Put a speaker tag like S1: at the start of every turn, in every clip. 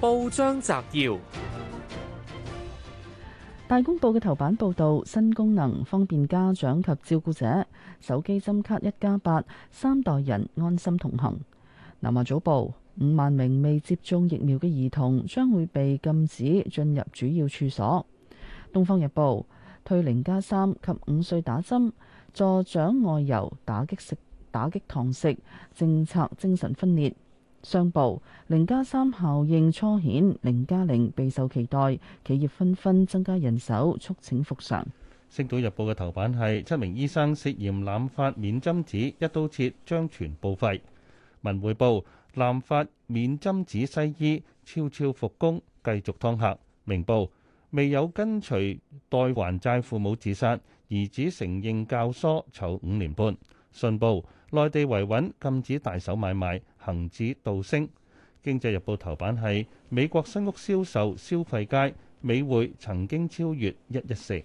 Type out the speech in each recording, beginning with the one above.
S1: 報章摘要：大公報嘅頭版報道新功能，方便家長及照顧者。手機針卡一加八，8, 三代人安心同行。南華早報：五萬名未接種疫苗嘅兒童將會被禁止進入主要處所。東方日報：退零加三及五歲打針，助長外遊，打擊食打擊堂食政策，精神分裂。商報零加三效應初顯，零加零備受期待，企業紛紛增加人手，促請復常。
S2: 星島日報嘅頭版係七名醫生涉嫌濫發免針紙，一刀切將全部報廢。文匯報濫發免針紙，西醫悄悄復工，繼續劏客。明報未有跟隨代還債父母自殺，兒子承認教唆囚五年半。信報內地維穩，禁止大手買賣。恒指倒升，《經濟日報》頭版係美國新屋銷售消費佳，美匯曾經超越一一四。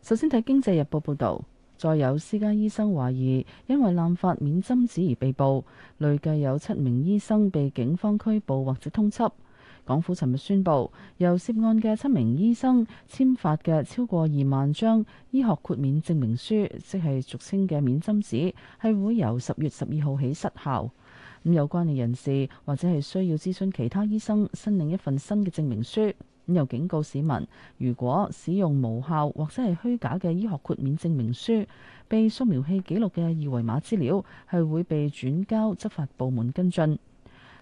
S1: 首先睇《經濟日報》報導，再有私家醫生懷疑因為濫發免針紙而被捕，累計有七名醫生被警方拘捕或者通緝。港府尋日宣布，由涉案嘅七名醫生簽發嘅超過二萬張醫學豁免證明書，即係俗稱嘅免針紙，係會由十月十二號起失效。咁有關嘅人士或者係需要諮詢其他醫生，申領一份新嘅證明書。咁又警告市民，如果使用無效或者係虛假嘅醫學豁免證明書，被掃描器記錄嘅二維碼資料係會被轉交執法部門跟進。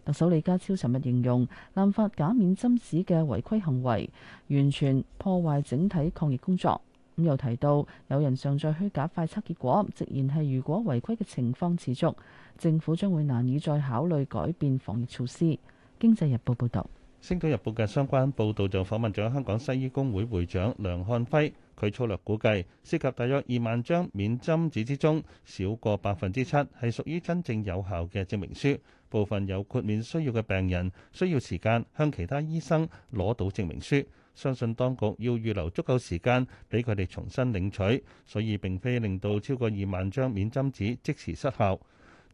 S1: 特首李家超尋日形容，濫發假免針紙嘅違規行為，完全破壞整體抗疫工作。咁又提到有人上載虛假快測結果，直言係如果違規嘅情況持續，政府將會難以再考慮改變防疫措施。經濟日報報道，
S2: 星島日報嘅相關報道就訪問咗香港西醫工會會長梁漢輝，佢粗略估計涉及，涉及大約二萬張免針紙之中，少過百分之七係屬於真正有效嘅證明書，部分有豁免需要嘅病人需要時間向其他醫生攞到證明書。相信當局要預留足夠時間俾佢哋重新領取，所以並非令到超過二萬張免針紙即時失效。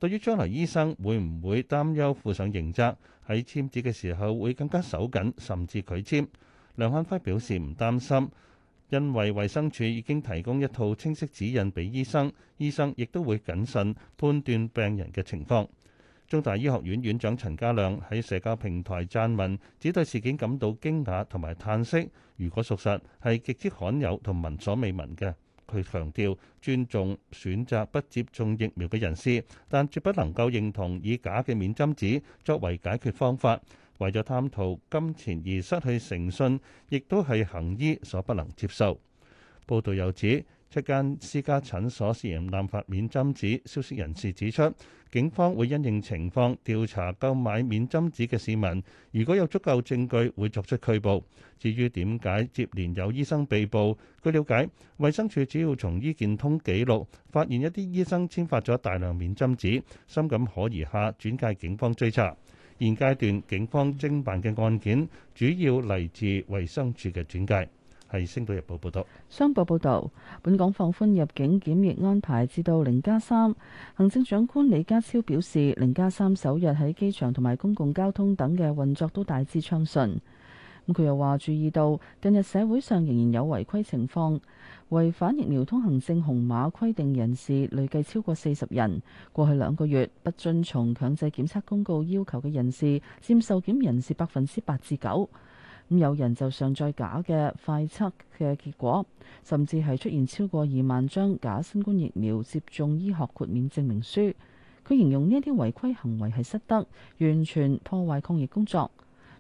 S2: 對於將來醫生會唔會擔憂負上刑責，喺簽字嘅時候會更加守緊，甚至拒簽？梁漢輝表示唔擔心，因為衞生署已經提供一套清晰指引俾醫生，醫生亦都會謹慎判斷病人嘅情況。中大醫學院院長陳家亮喺社交平台撰文，指對事件感到驚訝同埋嘆息。如果屬實，係極之罕有同聞所未聞嘅。佢強調尊重選擇不接種疫苗嘅人士，但絕不能夠認同以假嘅免針紙作為解決方法。為咗貪圖金錢而失去誠信，亦都係行醫所不能接受。報道又指，一間私家診所涉嫌濫發免針紙，消息人士指出，警方會因應情況調查購買免針紙嘅市民，如果有足夠證據，會作出拘捕。至於點解接連有醫生被捕，據了解，衛生署主要從醫健通記錄發現一啲醫生簽發咗大量免針紙，深感可疑下轉介警方追查。現階段警方偵辦嘅案件主要嚟自衛生署嘅轉介。係《星島日報》報導，
S1: 商報報導，本港放寬入境檢疫安排至到零加三。行政長官李家超表示，零加三首日喺機場同埋公共交通等嘅運作都大致暢順。咁、嗯、佢又話，注意到近日社會上仍然有違規情況，違反疫苗通行證紅碼規定人士累計超過四十人。過去兩個月不遵從強制檢測公告要求嘅人士佔受檢人士百分之八至九。咁有人就上載假嘅快測嘅結果，甚至係出現超過二萬張假新冠疫苗接種醫學豁免證明書。佢形容呢一啲違規行為係失德，完全破壞抗疫工作。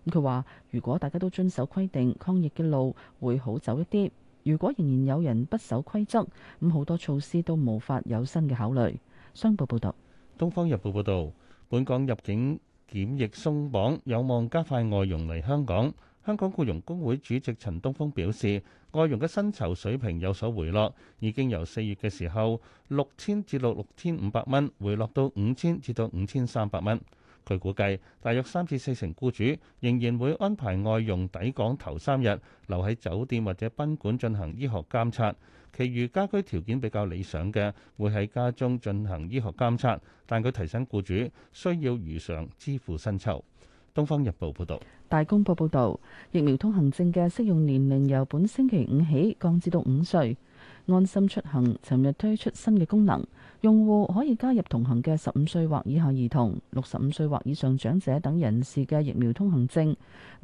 S1: 咁佢話：如果大家都遵守規定，抗疫嘅路會好走一啲。如果仍然有人不守規則，咁好多措施都無法有新嘅考慮。商報報導，
S2: 《東方日報》報道：「本港入境檢疫鬆綁有望加快外傭嚟香港。香港僱傭工會主席陳東風表示，外傭嘅薪酬水平有所回落，已經由四月嘅時候六千至到六千五百蚊，6, 回落到五千至到五千三百蚊。佢估計大約三至四成僱主仍然會安排外傭抵港頭三日留喺酒店或者賓館進行醫學監察，其餘家居條件比較理想嘅會喺家中進行醫學監察。但佢提醒僱主需要如常支付薪酬。東方日報報道。
S1: 大公報報道，疫苗通行證嘅適用年齡由本星期五起降至到五歲。安心出行尋日推出新嘅功能，用戶可以加入同行嘅十五歲或以下兒童，六十五歲或以上長者等人士嘅疫苗通行證，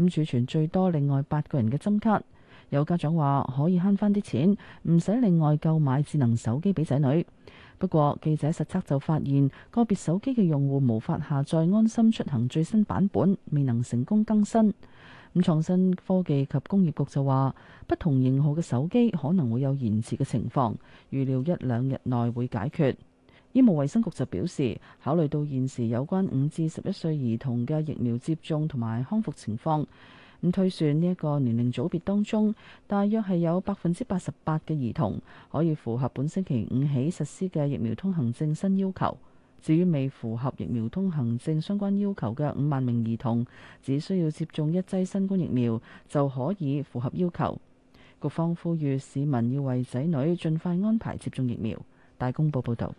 S1: 咁儲存最多另外八個人嘅針卡。有家長話可以慳返啲錢，唔使另外購買智能手機俾仔女。不過，記者實測就發現，個別手機嘅用戶無法下載安心出行最新版本，未能成功更新。咁創新科技及工業局就話，不同型號嘅手機可能會有延遲嘅情況，預料一兩日內會解決。醫務衛生局就表示，考慮到現時有關五至十一歲兒童嘅疫苗接種同埋康復情況。咁推算呢一個年齡組別當中，大約係有百分之八十八嘅兒童可以符合本星期五起實施嘅疫苗通行證新要求。至於未符合疫苗通行證相關要求嘅五萬名兒童，只需要接種一劑新冠疫苗就可以符合要求。局方呼籲市民要為仔女盡快安排接種疫苗。大公報報道。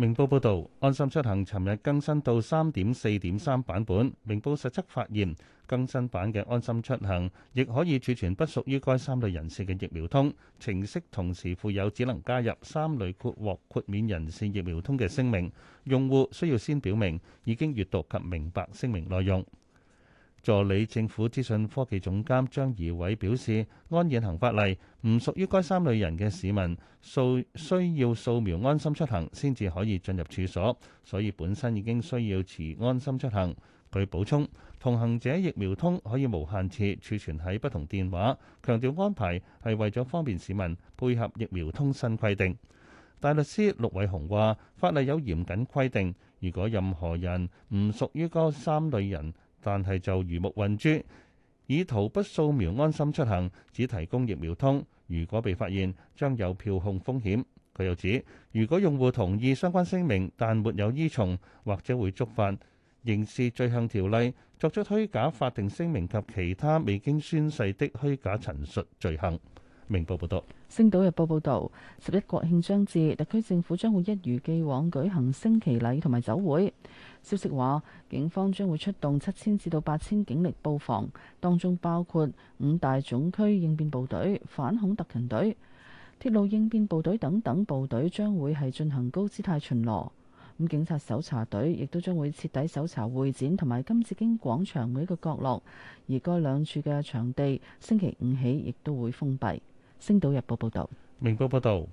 S2: 明報報導，安心出行尋日更新到三點四點三版本。明報實測發現，更新版嘅安心出行亦可以儲存不屬於該三類人士嘅疫苗通，程式同時附有只能加入三類獲豁免人士疫苗通嘅聲明。用戶需要先表明已經閱讀及明白聲明內容。助理政府資訊科技總監張怡偉表示：按現行法例，唔屬於該三類人嘅市民，掃需要掃描安心出行先至可以進入處所，所以本身已經需要持安心出行。佢補充，同行者疫苗通可以無限次儲存喺不同電話。強調安排係為咗方便市民配合疫苗通新規定。大律師陸偉雄話：法例有嚴謹規定，如果任何人唔屬於該三類人。但係就如目混珠，以圖不掃描安心出行，只提供疫苗通。如果被發現，將有票控風險。佢又指，如果用戶同意相關聲明，但沒有依從，或者會觸犯刑事罪行條例，作出虛假法定聲明及其他未經宣誓的虛假陳述罪行。明報報導，
S1: 《星島日報》報導，十一國慶將至，特區政府將會一如既往舉行升旗禮同埋酒會。消息話，警方將會出動七千至到八千警力佈防，當中包括五大總區應變部隊、反恐特勤隊、鐵路應變部隊等等部隊，將會係進行高姿態巡邏。咁警察搜查隊亦都將會徹底搜查會展同埋金紫荊廣場每一個角落，而該兩處嘅場地星期五起亦都會封閉。星島日報報道，
S2: 明報報道，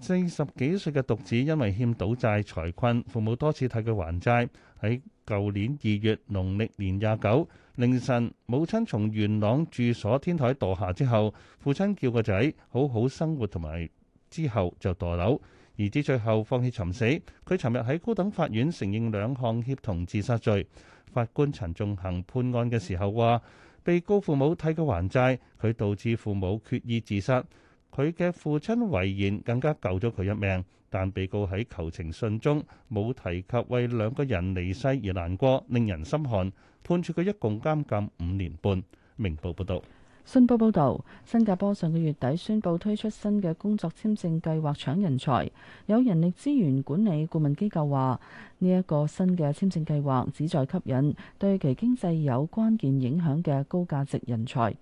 S2: 四十幾歲嘅獨子因為欠賭債財困，父母多次替佢還債。喺舊年二月農曆年廿九凌晨，母親從元朗住所天台墮下之後，父親叫個仔好好生活，同埋之後就墮樓。兒子最後放棄尋死，佢尋日喺高等法院承認兩項協同自殺罪。法官陳仲衡判案嘅時候話。被告父母替佢還債，佢導致父母決意自殺，佢嘅父親遺言更加救咗佢一命，但被告喺求情信中冇提及為兩個人離世而難過，令人心寒。判處佢一共監禁五年半。明報報道。
S1: 信報報道，新加坡上個月底宣布推出新嘅工作簽證計劃搶人才。有人力資源管理顧問機構話，呢、這、一個新嘅簽證計劃旨在吸引對其經濟有關鍵影響嘅高價值人才。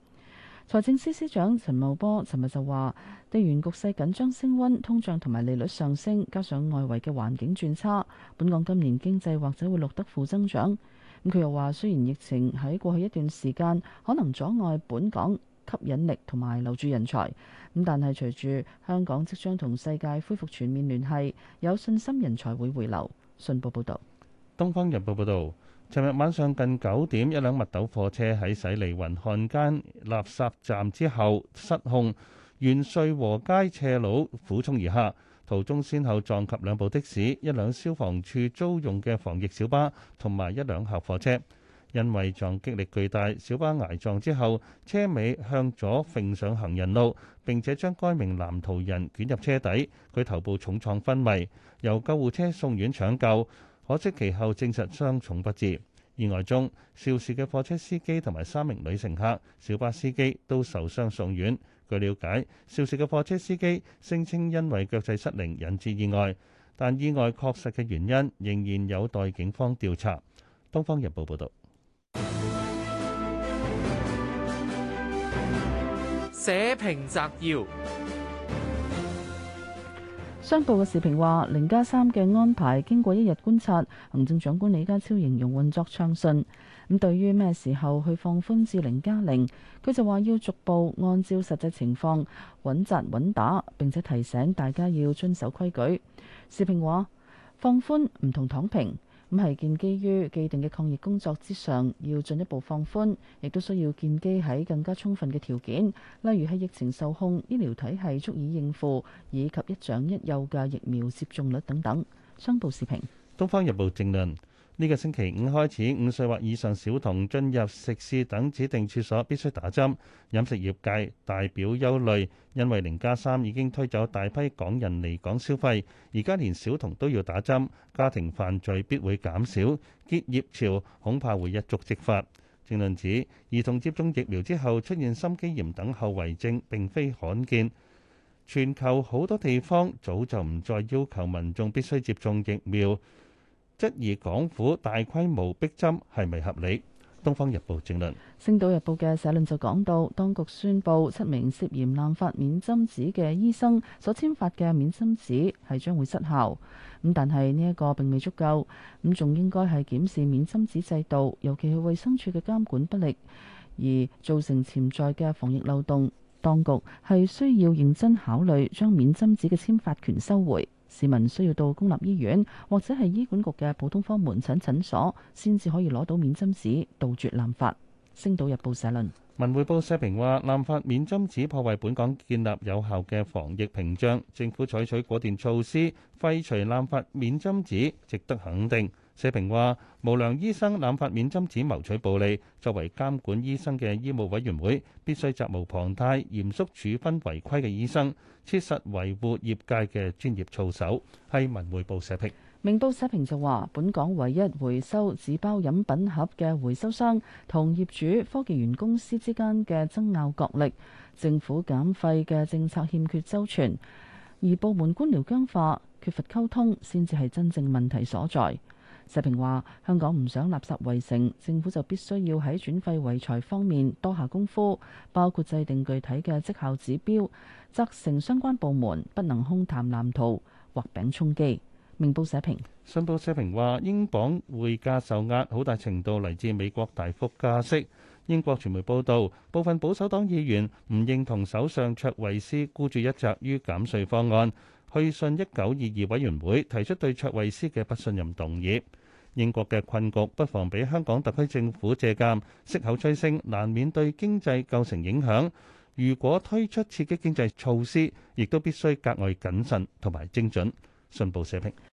S1: 財政司司長陳茂波尋日就話，地緣局勢緊張升溫，通脹同埋利率上升，加上外圍嘅環境轉差，本港今年經濟或者會錄得負增長。佢又話：雖然疫情喺過去一段時間可能阻礙本港吸引力同埋留住人才，咁但係隨住香港即將同世界恢復全面聯繫，有信心人才會回流。信報報導，
S2: 東方日報報道：「尋日晚上近九點，一輛密斗貨車喺駛離雲漢間垃圾站之後失控，元瑞和街斜路俯衝而下。途中先後撞及兩部的士、一輛消防處租用嘅防疫小巴同埋一輛客貨車，因為撞擊力巨大，小巴捱撞之後，車尾向左揈上行人路，並且將該名男途人捲入車底，佢頭部重創昏迷，由救護車送院搶救，可惜其後證實傷重不治。意外中，肇事嘅貨車司機同埋三名女乘客、小巴司機都受傷送院。據了解，肇事嘅貨車司機聲稱因為腳掣失靈引致意外，但意外確實嘅原因仍然有待警方調查。《東方日報》報道：社評摘要：
S1: 商報嘅時評話，零加三嘅安排經過一日觀察，行政長官李家超形容運作暢順。咁對於咩時候去放寬至零加零，佢就話要逐步按照實際情況穩紮穩打，並且提醒大家要遵守規矩。時評話放寬唔同躺平，咁係建基於既定嘅抗疫工作之上，要進一步放寬，亦都需要建基喺更加充分嘅條件，例如喺疫情受控、醫療體系足以應付以及一長一幼嘅疫苗接種率等等。商報時評，
S2: 東方日報正論。呢個星期五開始，五歲或以上小童進入食肆等指定處所必須打針。飲食業界大表憂慮，因為零加三已經推走大批港人離港消費，而家連小童都要打針，家庭犯罪必會減少，結業潮恐怕會一觸即發。正論指兒童接種疫苗之後出現心肌炎等後遺症並非罕見，全球好多地方早就唔再要求民眾必須接種疫苗。質疑港府大規模逼針係咪合理？《東方日報》正論，
S1: 《星島日報》嘅社論就講到，當局宣布七名涉嫌濫發免針紙嘅醫生所簽發嘅免針紙係將會失效。咁但係呢一個並未足夠，咁仲應該係檢視免針紙制度，尤其係衛生署嘅監管不力而造成潛在嘅防疫漏洞。當局係需要認真考慮將免針紙嘅簽發權收回。市民需要到公立醫院或者係醫管局嘅普通科門診診所，先至可以攞到免針紙，杜絕濫發。星島日報社論，
S2: 文匯報社評話：濫發免針紙破壞本港建立有效嘅防疫屏障，政府採取果斷措施廢除濫發免針紙，值得肯定。社評話：無良醫生濫發免針紙謀取暴利，作為監管醫生嘅醫務委員會必須責無旁貸，嚴肅處分違規嘅醫生，切實維護業界嘅專業操守。係文匯報社評。
S1: 明報社評就話：本港唯一回收紙包飲品盒嘅回收商同業主科技園公司之間嘅爭拗角力，政府減廢嘅政策欠缺周全，而部門官僚僵化、缺乏溝通，先至係真正問題所在。社評話：香港唔想垃圾圍城，政府就必須要喺轉廢為財方面多下功夫，包括制定具體嘅績效指標，責成相關部門不能空談藍圖畫餅充飢。明報社評。
S2: 信報社評話：英鎊匯價受壓，好大程度嚟自美國大幅加息。英國傳媒報導，部分保守黨議員唔認同首相卓慧思孤注一擲於減稅方案。去信一九二二委員會提出對卓慧思嘅不信任動議。英國嘅困局不妨俾香港特區政府借鑑，息口催升難免對經濟構成影響。如果推出刺激經濟措施，亦都必須格外謹慎同埋精準。信報社評。